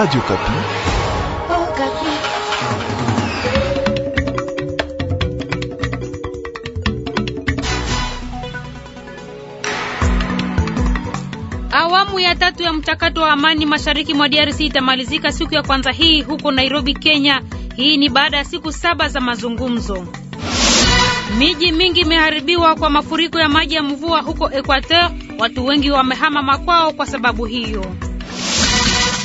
Radio Kapi. Oh, Kapi. Awamu ya tatu ya mchakato wa amani mashariki mwa DRC itamalizika siku ya kwanza hii huko Nairobi, Kenya. Hii ni baada ya siku saba za mazungumzo. Miji mingi imeharibiwa kwa mafuriko ya maji ya mvua huko Equateur. Watu wengi wamehama makwao kwa sababu hiyo.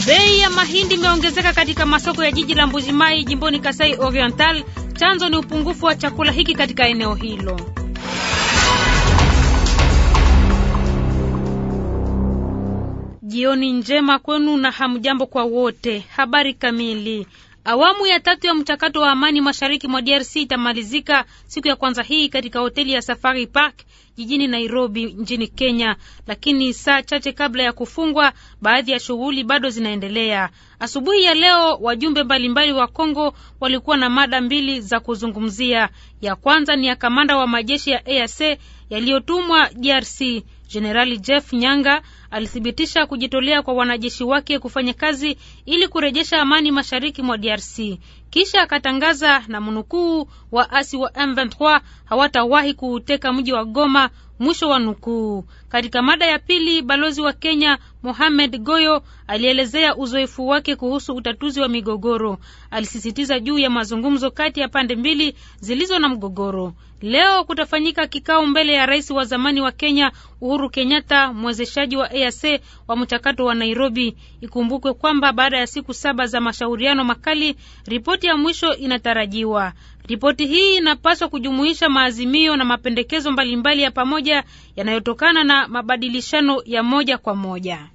Bei ya mahindi imeongezeka katika masoko ya jiji la Mbujimai jimboni Kasai Oriental. Chanzo ni upungufu wa chakula hiki katika eneo hilo. Jioni njema kwenu na hamjambo kwa wote. Habari kamili. Awamu ya tatu ya mchakato wa amani mashariki mwa DRC itamalizika siku ya kwanza hii katika hoteli ya Safari Park jijini Nairobi nchini Kenya, lakini saa chache kabla ya kufungwa, baadhi ya shughuli bado zinaendelea. Asubuhi ya leo wajumbe mbalimbali wa Kongo walikuwa na mada mbili za kuzungumzia. Ya kwanza ni ya kamanda wa majeshi ya EAC yaliyotumwa DRC Jenerali Jeff Nyanga alithibitisha kujitolea kwa wanajeshi wake kufanya kazi ili kurejesha amani mashariki mwa DRC. Kisha akatangaza na mnukuu, waasi wa M23 hawatawahi kuuteka mji wa Goma Mwisho wa nukuu. Katika mada ya pili, balozi wa Kenya Mohamed Goyo alielezea uzoefu wake kuhusu utatuzi wa migogoro. Alisisitiza juu ya mazungumzo kati ya pande mbili zilizo na mgogoro. Leo kutafanyika kikao mbele ya rais wa zamani wa Kenya Uhuru Kenyatta, mwezeshaji wa EAC wa mchakato wa Nairobi. Ikumbukwe kwamba baada ya siku saba za mashauriano makali, ripoti ya mwisho inatarajiwa. Ripoti hii inapaswa kujumuisha maazimio na mapendekezo mbalimbali ya pamoja yanayotokana na mabadilishano ya moja kwa moja.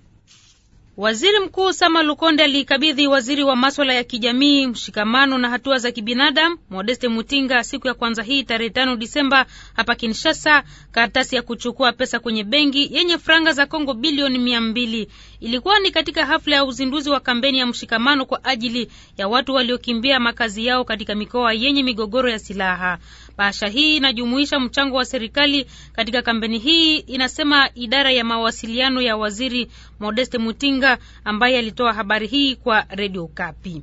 Waziri Mkuu Sama Lukonde aliikabidhi waziri wa maswala ya kijamii, mshikamano na hatua za kibinadamu Modeste Mutinga siku ya kwanza hii tarehe tano Disemba hapa Kinshasa karatasi ya kuchukua pesa kwenye benki yenye franga za Kongo bilioni mia mbili. Ilikuwa ni katika hafla ya uzinduzi wa kampeni ya mshikamano kwa ajili ya watu waliokimbia makazi yao katika mikoa yenye migogoro ya silaha. Bahasha hii inajumuisha mchango wa serikali katika kampeni hii, inasema idara ya mawasiliano ya waziri Modeste Mutinga ambaye alitoa habari hii kwa Radio Kapi.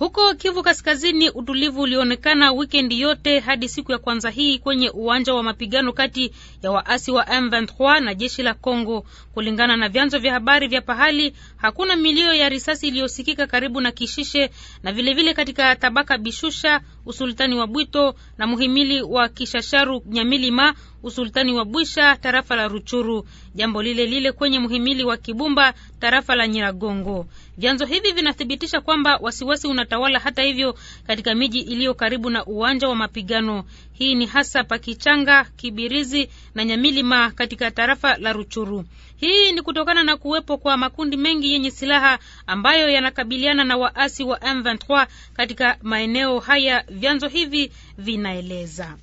Huko Kivu Kaskazini, utulivu ulionekana wikendi yote hadi siku ya kwanza hii kwenye uwanja wa mapigano kati ya waasi wa M23 na jeshi la Congo. Kulingana na vyanzo vya habari vya pahali, hakuna milio ya risasi iliyosikika karibu na Kishishe na vilevile vile katika tabaka Bishusha, usultani wa Bwito na muhimili wa Kishasharu Nyamilima, usultani wa Bwisha, tarafa la Ruchuru, jambo lile lile kwenye muhimili wa Kibumba, tarafa la Nyiragongo. Vyanzo hivi vinathibitisha kwamba wasiwasi unatawala hata hivyo katika miji iliyo karibu na uwanja wa mapigano. Hii ni hasa Pakichanga, Kibirizi na Nyamilima katika tarafa la Ruchuru. Hii ni kutokana na kuwepo kwa makundi mengi yenye silaha ambayo yanakabiliana na waasi wa M23 katika maeneo haya, vyanzo hivi vinaeleza.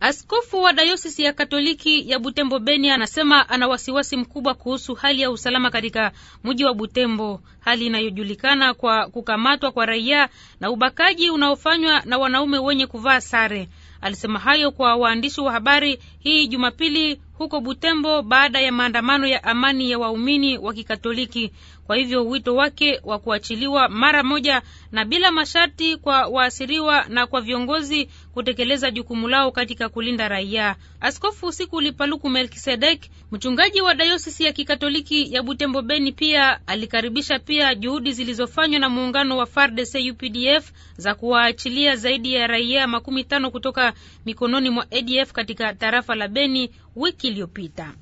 Askofu wa dayosisi ya Katoliki ya Butembo Beni anasema ana wasiwasi mkubwa kuhusu hali ya usalama katika mji wa Butembo, hali inayojulikana kwa kukamatwa kwa raia na ubakaji unaofanywa na wanaume wenye kuvaa sare. Alisema hayo kwa waandishi wa habari hii Jumapili huko Butembo baada ya maandamano ya amani ya waumini wa Kikatoliki kwa hivyo wito wake wa kuachiliwa mara moja na bila masharti kwa waasiriwa na kwa viongozi kutekeleza jukumu lao katika kulinda raia. Askofu Siku Lipaluku Melkisedek, mchungaji wa dayosisi ya Kikatoliki ya Butembo Beni, pia alikaribisha pia juhudi zilizofanywa na muungano wa FARDC UPDF za kuwaachilia zaidi ya raia makumi tano kutoka mikononi mwa ADF katika tarafa la Beni wiki iliyopita.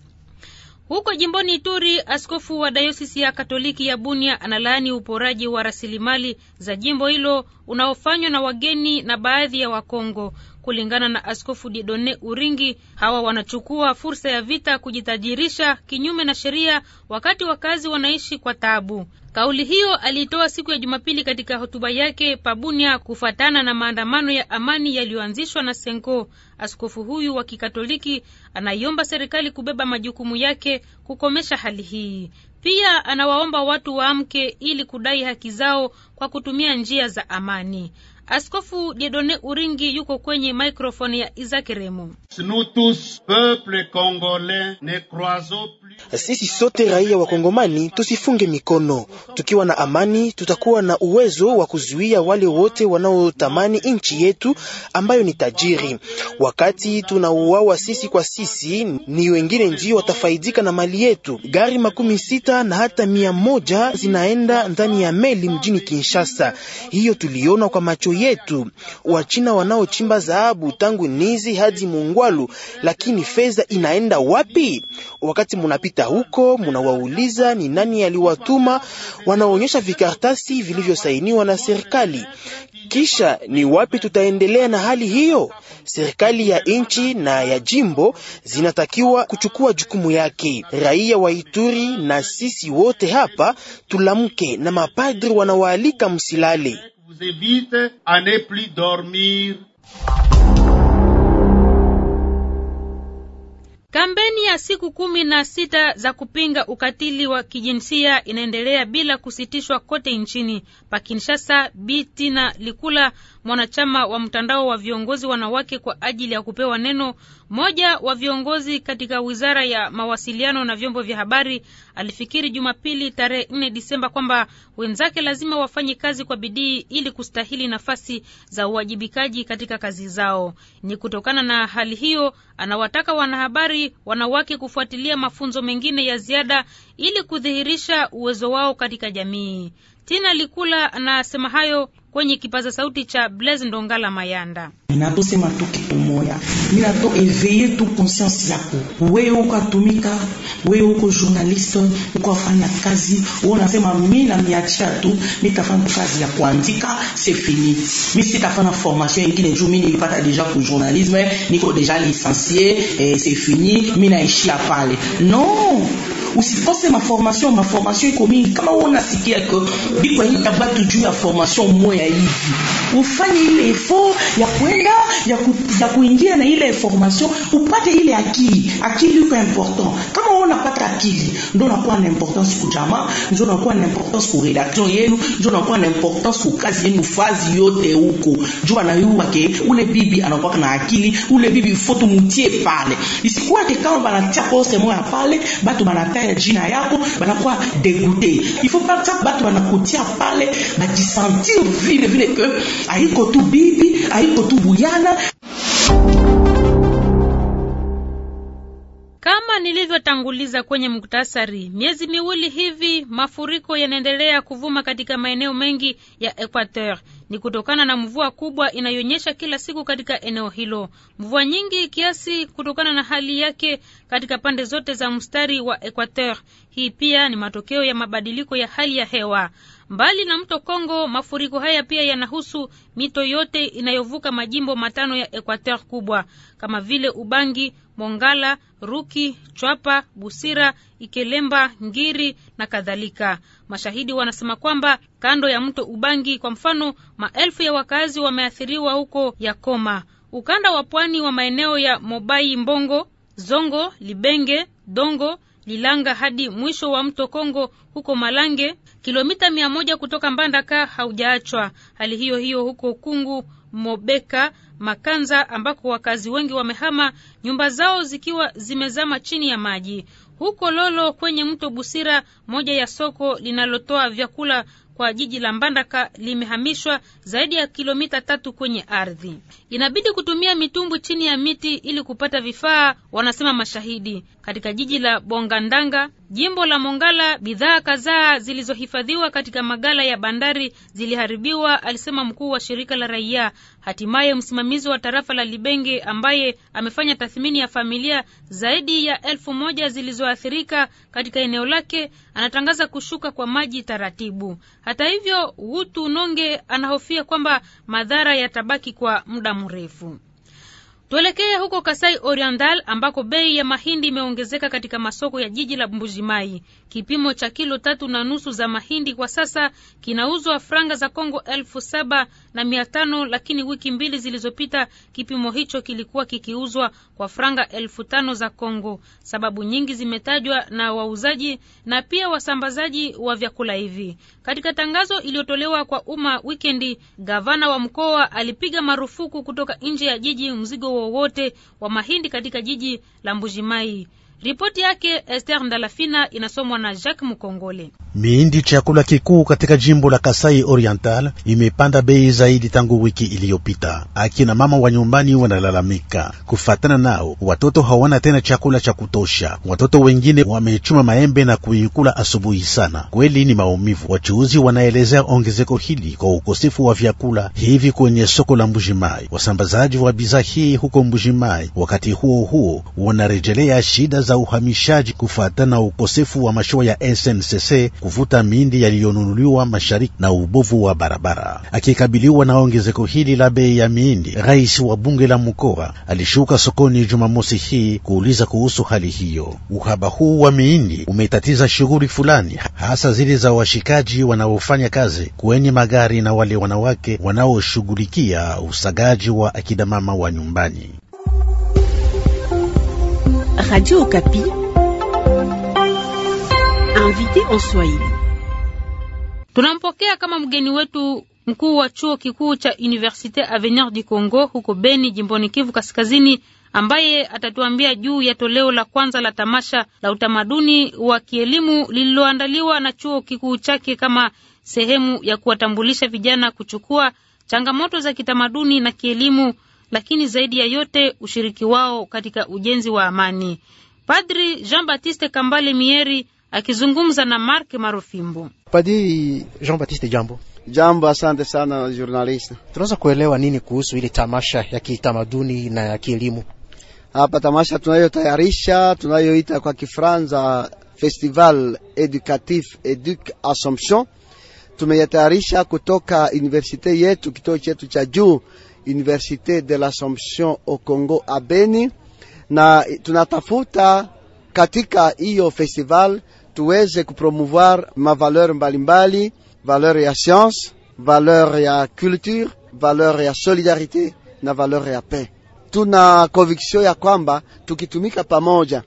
Huko jimboni Ituri, askofu wa dayosisi ya Katoliki ya Bunia analaani uporaji wa rasilimali za jimbo hilo unaofanywa na wageni na baadhi ya Wakongo. Kulingana na askofu Didone Uringi, hawa wanachukua fursa ya vita kujitajirisha kinyume na sheria, wakati wakazi wanaishi kwa taabu. Kauli hiyo aliitoa siku ya Jumapili katika hotuba yake Pabunia kufuatana na maandamano ya amani yaliyoanzishwa na Senko. Askofu huyu wa Kikatoliki anaiomba serikali kubeba majukumu yake kukomesha hali hii. Pia anawaomba watu waamke ili kudai haki zao kwa kutumia njia za amani. Askofu Diedone Uringi yuko kwenye mikrofoni ya Izaki Remo. Sisi sote raia wa Kongomani tusifunge mikono. Tukiwa na amani, tutakuwa na uwezo wa kuzuia wale wote wanaotamani nchi yetu ambayo ni tajiri. Wakati tunauawa sisi kwa sisi, ni wengine ndio watafaidika na mali yetu. Gari makumi sita na hata mia moja zinaenda ndani ya meli mjini Kinshasa. Hiyo tuliona kwa macho yetu. Wachina wanaochimba dhahabu tangu Nizi hadi Mungwalu, lakini fedha inaenda wapi? Wakati munapita huko, munawauliza ni nani aliwatuma, wanaonyesha vikartasi vilivyosainiwa na serikali. Kisha ni wapi tutaendelea na hali hiyo? Serikali ya nchi na ya jimbo zinatakiwa kuchukua jukumu yake. Raia wa Ituri na sisi wote hapa tulamke, na mapadri wanawaalika msilale vous invite à ne plus dormir. Kampeni ya siku kumi na sita za kupinga ukatili wa kijinsia inaendelea bila kusitishwa kote nchini. Pa Kinshasa, Bitina Likula, mwanachama wa mtandao wa viongozi wanawake kwa ajili ya kupewa neno, mmoja wa viongozi katika wizara ya mawasiliano na vyombo vya habari alifikiri Jumapili tarehe 4 Disemba kwamba wenzake lazima wafanye kazi kwa bidii ili kustahili nafasi za uwajibikaji katika kazi zao. Ni kutokana na hali hiyo, anawataka wanahabari wanawake kufuatilia mafunzo mengine ya ziada ili kudhihirisha uwezo wao katika jamii. Tina Likula anasema hayo kwenye kipaza sauti cha Blaise Ndongala Mayanda. Ninatosema tu kitu moya, ninato eveye tu konsiansi yako wewe, ukatumika wewe, uko journaliste, ukafanya kazi, unasema mi namiachia tu, nitafanya kazi ya kuandika, c'est fini, mi sitafanya formation ingine juu mi nilipata deja ku journalisme, niko deja licencié, eh, c'est fini, mi naishia pale no usipose maformasio maformasio iko mingi. Kama wewe unasikia ko biko ya batu juu ya formation moya hivi, ufanye ile effort ya kwenda ya, ku, ya kuingia na ile formation, upate ile akili. Akili iko important. Kama wewe unapata akili, ndio unakuwa na importance kwa jamaa, ndio unakuwa na importance kwa redaction yenu, ndio unakuwa na importance kwa kazi yenu, fazi yote huko. Jua na yuma ke ule bibi anakuwa na akili, ule bibi foto mutie pale, isikuwa kama banatia poste moya pale, batu banatia ya jina yako banakuwa degute. Il faut pas ça batu wanakutia pale bajisentir vile vile, ke haiko tu bibi, haiko tu buyana Kama nilivyotanguliza kwenye muktasari, miezi miwili hivi mafuriko yanaendelea kuvuma katika maeneo mengi ya Equateur. Ni kutokana na mvua kubwa inayonyesha kila siku katika eneo hilo, mvua nyingi kiasi kutokana na hali yake katika pande zote za mstari wa Equateur. Hii pia ni matokeo ya mabadiliko ya hali ya hewa. Mbali na mto Kongo, mafuriko haya pia yanahusu mito yote inayovuka majimbo matano ya Equateur kubwa kama vile Ubangi, Mongala, Ruki, Chwapa, Busira, Ikelemba, Ngiri na kadhalika. Mashahidi wanasema kwamba kando ya mto Ubangi kwa mfano, maelfu ya wakazi wameathiriwa huko Yakoma, ukanda wa pwani wa maeneo ya Mobai, Mbongo, Zongo, Libenge, Dongo, Lilanga hadi mwisho wa mto Kongo huko Malange, kilomita mia moja kutoka Mbandaka haujaachwa. Hali hiyo hiyo huko Kungu Mobeka, Makanza ambako wakazi wengi wamehama nyumba zao zikiwa zimezama chini ya maji. Huko Lolo kwenye mto Busira, moja ya soko linalotoa vyakula kwa jiji la Mbandaka limehamishwa zaidi ya kilomita tatu kwenye ardhi. Inabidi kutumia mitumbwi chini ya miti ili kupata vifaa, wanasema mashahidi. Katika jiji la Bongandanga Jimbo la Mongala, bidhaa kadhaa zilizohifadhiwa katika magala ya bandari ziliharibiwa, alisema mkuu wa shirika la raia. Hatimaye msimamizi wa tarafa la Libenge ambaye amefanya tathmini ya familia zaidi ya elfu moja zilizoathirika katika eneo lake anatangaza kushuka kwa maji taratibu. Hata hivyo, Wutu Nonge anahofia kwamba madhara yatabaki kwa muda mrefu. Tuelekee huko Kasai Oriental ambako bei ya mahindi imeongezeka katika masoko ya jiji la Mbujimai. Kipimo cha kilo tatu na nusu za mahindi kwa sasa kinauzwa franga za Kongo elfu saba na mia tano, lakini wiki mbili zilizopita kipimo hicho kilikuwa kikiuzwa kwa franga elfu tano za Kongo. Sababu nyingi zimetajwa na wauzaji na pia wasambazaji wa vyakula hivi. Katika tangazo iliyotolewa kwa umma wikendi, gavana wa mkoa alipiga marufuku kutoka nje ya jiji mzigo wowote wa mahindi katika jiji la Mbujimai. Ripoti yake Esther Ndalafina inasomwa na Jacques Mukongole. Mihindi, chakula kikuu katika jimbo la Kasai Oriental, imepanda bei zaidi tangu wiki iliyopita. Akina mama wa nyumbani wanalalamika, kufatana nao watoto hawana tena chakula cha kutosha. Watoto wengine wamechuma maembe na kuikula asubuhi sana. Kweli ni maumivu. Wachuuzi wanaelezea ongezeko hili kwa ukosefu wa vyakula hivi kwenye soko la Mbujimai. Wasambazaji wa bidhaa hii huko Mbujimai wakati huo huo wanarejelea shida za za uhamishaji kufuatana ukosefu wa mashua ya SNCC kuvuta mindi yaliyonunuliwa mashariki na ubovu wa barabara. Akikabiliwa na ongezeko hili la bei ya miindi, rais wa bunge la mkoa alishuka sokoni Jumamosi hii kuuliza kuhusu hali hiyo. Uhaba huu wa miindi umetatiza shughuli fulani, hasa zile za washikaji wanaofanya kazi kwenye magari na wale wanawake wanaoshughulikia usagaji wa akidamama wa nyumbani. Radio Okapi. Invité en Swahili. Tunampokea kama mgeni wetu mkuu wa chuo kikuu cha Université Avenir du Congo huko Beni jimboni Kivu Kaskazini ambaye atatuambia juu ya toleo la kwanza la tamasha la utamaduni wa kielimu lililoandaliwa na chuo kikuu chake kama sehemu ya kuwatambulisha vijana kuchukua changamoto za kitamaduni na kielimu lakini zaidi ya yote ushiriki wao katika ujenzi wa amani. Padri Jean Baptiste Kambale Mieri akizungumza na Mark Marofimbo. Padri Jean Baptiste, jambo. Jambo, asante sana jurnalist Tunaweza kuelewa nini kuhusu ile tamasha ya kitamaduni na ya kielimu hapa? Tamasha tunayotayarisha tunayoita kwa Kifranza Festival Educatif Educ Assomption tumeyatayarisha kutoka universite yetu, kituo chetu cha juu université de l'Assomption au Congo a Beni, na tunatafuta katika hiyo festival tuweze kupromouvoir mavaleur mbalimbali, valeur ya science, valeur ya culture, valeur ya solidarité na valeur ya paix. Tuna conviction ya kwamba tukitumika pamoja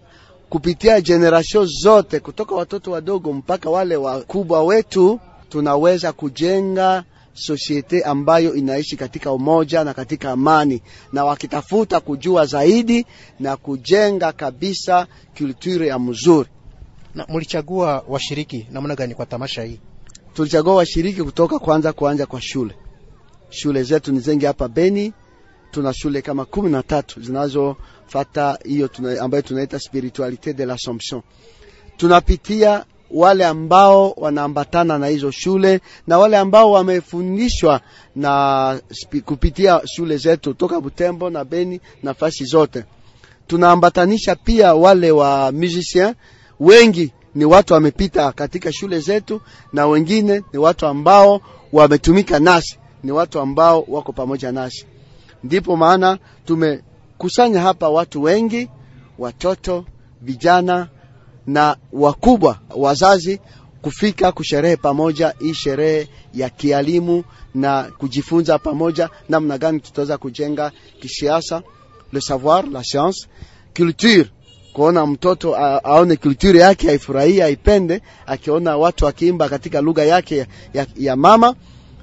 kupitia generation zote kutoka watoto wadogo mpaka wale wakubwa wetu tunaweza kujenga sosiete ambayo inaishi katika umoja na katika amani, na wakitafuta kujua zaidi na kujenga kabisa kulture ya mzuri. Na mlichagua washiriki namna gani kwa tamasha hii? Tulichagua washiriki kutoka kwanza kuanja kwa shule. Shule zetu ni zengi hapa Beni, tuna shule kama kumi na tatu zinazofata hiyo tuna, ambayo tunaita spiritualite de l'assomption tunapitia wale ambao wanaambatana na hizo shule na wale ambao wamefundishwa na kupitia shule zetu toka Butembo na Beni nafasi zote. Tunaambatanisha pia wale wa musicien wengi ni watu wamepita katika shule zetu, na wengine ni watu ambao wametumika nasi, ni watu ambao wako pamoja nasi. Ndipo maana tumekusanya hapa watu wengi, watoto, vijana na wakubwa wazazi kufika kusherehe pamoja, hii sherehe ya kialimu na kujifunza pamoja namna gani tutaweza kujenga kisiasa, le savoir la science, culture kuona mtoto aone culture yake aifurahie, aipende, akiona watu akiimba katika lugha yake ya, ya mama.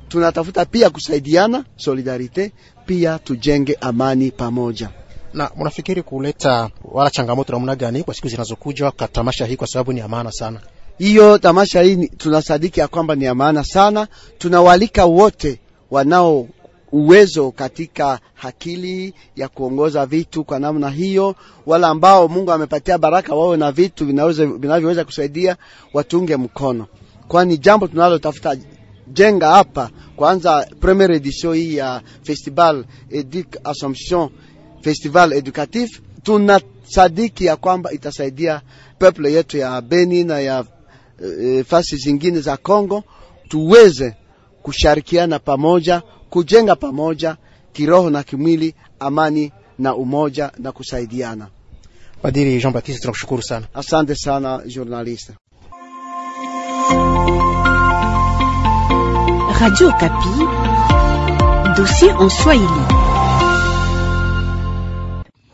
Tunatafuta pia kusaidiana solidarite, pia tujenge amani pamoja na mnafikiri kuleta wala changamoto namna gani kwa siku zinazokuja kwa tamasha hii, kwa sababu ni ya maana sana hiyo tamasha hii. Tunasadiki ya kwamba ni ya maana sana, tunawalika wote wanao uwezo katika akili ya kuongoza vitu kwa namna hiyo, wala ambao Mungu amepatia baraka wao na vitu vinavyoweza kusaidia watunge mkono, kwani jambo tunalotafuta jenga hapa kwanza, premiere edition hii ya festival Edic Assumption festival educatif. Tunasadiki ya kwamba itasaidia peple yetu ya Beni na ya e, fasi zingine za Kongo tuweze kushirikiana pamoja, kujenga pamoja kiroho na kimwili, amani na umoja na kusaidiana. Padiri Jean Baptiste, tunakushukuru sana. Asante sana journaliste. Radio Kapi, dossier en Swahili.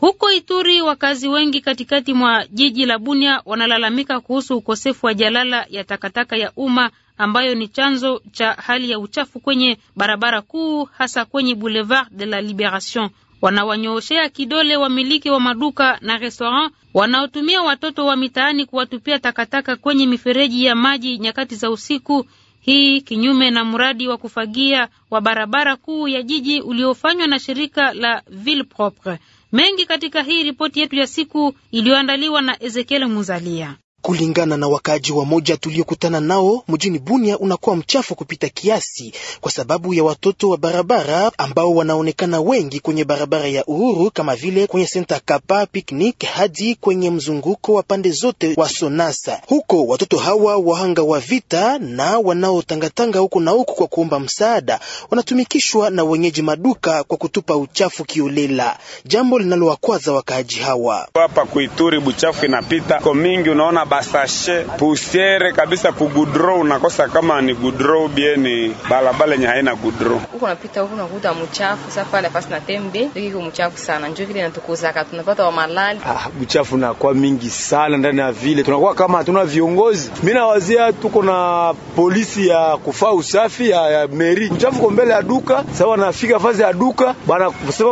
Huko Ituri, wakazi wengi katikati mwa jiji la Bunia wanalalamika kuhusu ukosefu wa jalala ya takataka ya umma ambayo ni chanzo cha hali ya uchafu kwenye barabara kuu, hasa kwenye Boulevard de la Liberation. Wanawanyooshea kidole wamiliki wa maduka na restaurant wanaotumia watoto wa mitaani kuwatupia takataka kwenye mifereji ya maji nyakati za usiku, hii kinyume na mradi wa kufagia wa barabara kuu ya jiji uliofanywa na shirika la Ville Propre. Mengi katika hii ripoti yetu ya siku iliyoandaliwa na Ezekiel Muzalia. Kulingana na wakaaji wa moja tuliokutana nao mjini Bunia, unakuwa mchafu kupita kiasi kwa sababu ya watoto wa barabara ambao wanaonekana wengi kwenye barabara ya Uhuru, kama vile kwenye senta Kapa piknik hadi kwenye mzunguko wa pande zote wa Sonasa. Huko watoto hawa wahanga wa vita na wanaotangatanga huko na huko kwa kuomba msaada wanatumikishwa na wenyeji maduka kwa kutupa uchafu kiolela, jambo linalowakwaza wakaaji hawa hapa kuituri. Buchafu inapita kwa mingi, unaona basashe pusiere kabisa kugudro, unakosa kama ni gudro bieni balabala yenye haina gudro. Huko napita huko nakuta mchafu sasa, pale pasi na tembe ndio mchafu sana, njoo kile ka tunapata wa malali. Ah, mchafu na kwa mingi sana ndani ya vile, tunakuwa kama hatuna viongozi. Mimi nawazia tuko na polisi ya kufaa usafi ya, ya meri. Mchafu kwa mbele ya duka, sasa wanafika fazi ya duka bana kusema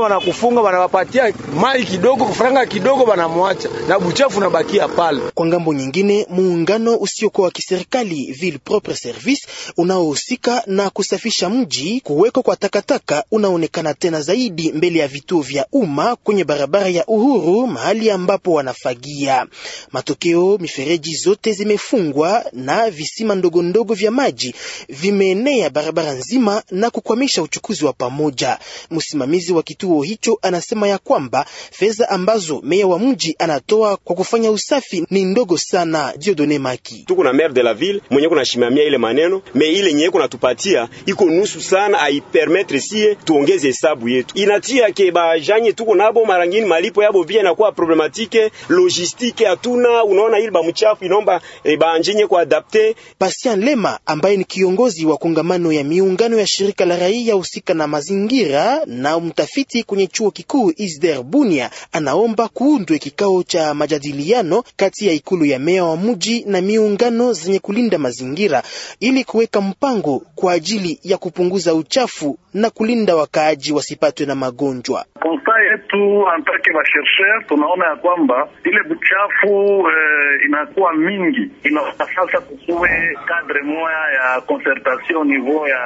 bana wapatia mai kidogo, franga kidogo, wanamwacha na buchafu unabakia pale kwa ngambo nyingi nyingine, muungano usiokuwa wa kiserikali Ville Propre Service unaohusika na kusafisha mji. Kuweko kwa takataka unaonekana tena zaidi mbele ya vituo vya umma kwenye barabara ya Uhuru, mahali ambapo wanafagia. Matokeo, mifereji zote zimefungwa na visima ndogo ndogo vya maji vimeenea barabara nzima na kukwamisha uchukuzi wa pamoja. Msimamizi wa kituo hicho anasema ya kwamba fedha ambazo meya wa mji anatoa kwa kufanya usafi ni ndogo sana. Kalisa na Dieudonne Maki. Tuko na maire de la ville mwenye kuna shimamia ile maneno me ile nyeko na tupatia iko nusu sana aipermettre sie tuongeze hesabu yetu. Inatia ke ba bajanye tuko nabo marangini malipo yabo na inakuwa problematique logistique hatuna, unaona ile ba mchafu inomba e, ba baanjenye kwa adapter. Bastian Lema ambaye ni kiongozi wa kongamano ya miungano ya shirika la raia husika na mazingira na mtafiti kwenye chuo kikuu Isder Bunia anaomba kuundwe kikao cha majadiliano kati ya ikulu ya meya wa mji na miungano zenye kulinda mazingira ili kuweka mpango kwa ajili ya kupunguza uchafu na kulinda wakaaji wasipatwe na magonjwa. Konsta yetu antake bashersher, tunaona ya kwamba ile buchafu eh, inakuwa mingi, inaona sasa kukuwe kadre moya ya concertation niveau ya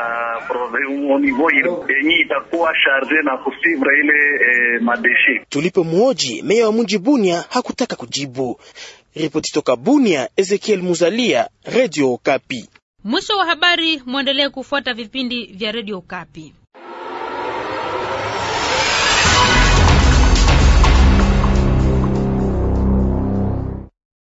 au niveau yenye itakuwa sharge na kusivra ile eh, madeshe. muoji meya wa mji Bunia hakutaka kujibu. Ripoti toka Bunia, Ezekiel Muzalia, Radio Kapi. Mwisho wa habari, mwendelee kufuata vipindi vya Radio Kapi.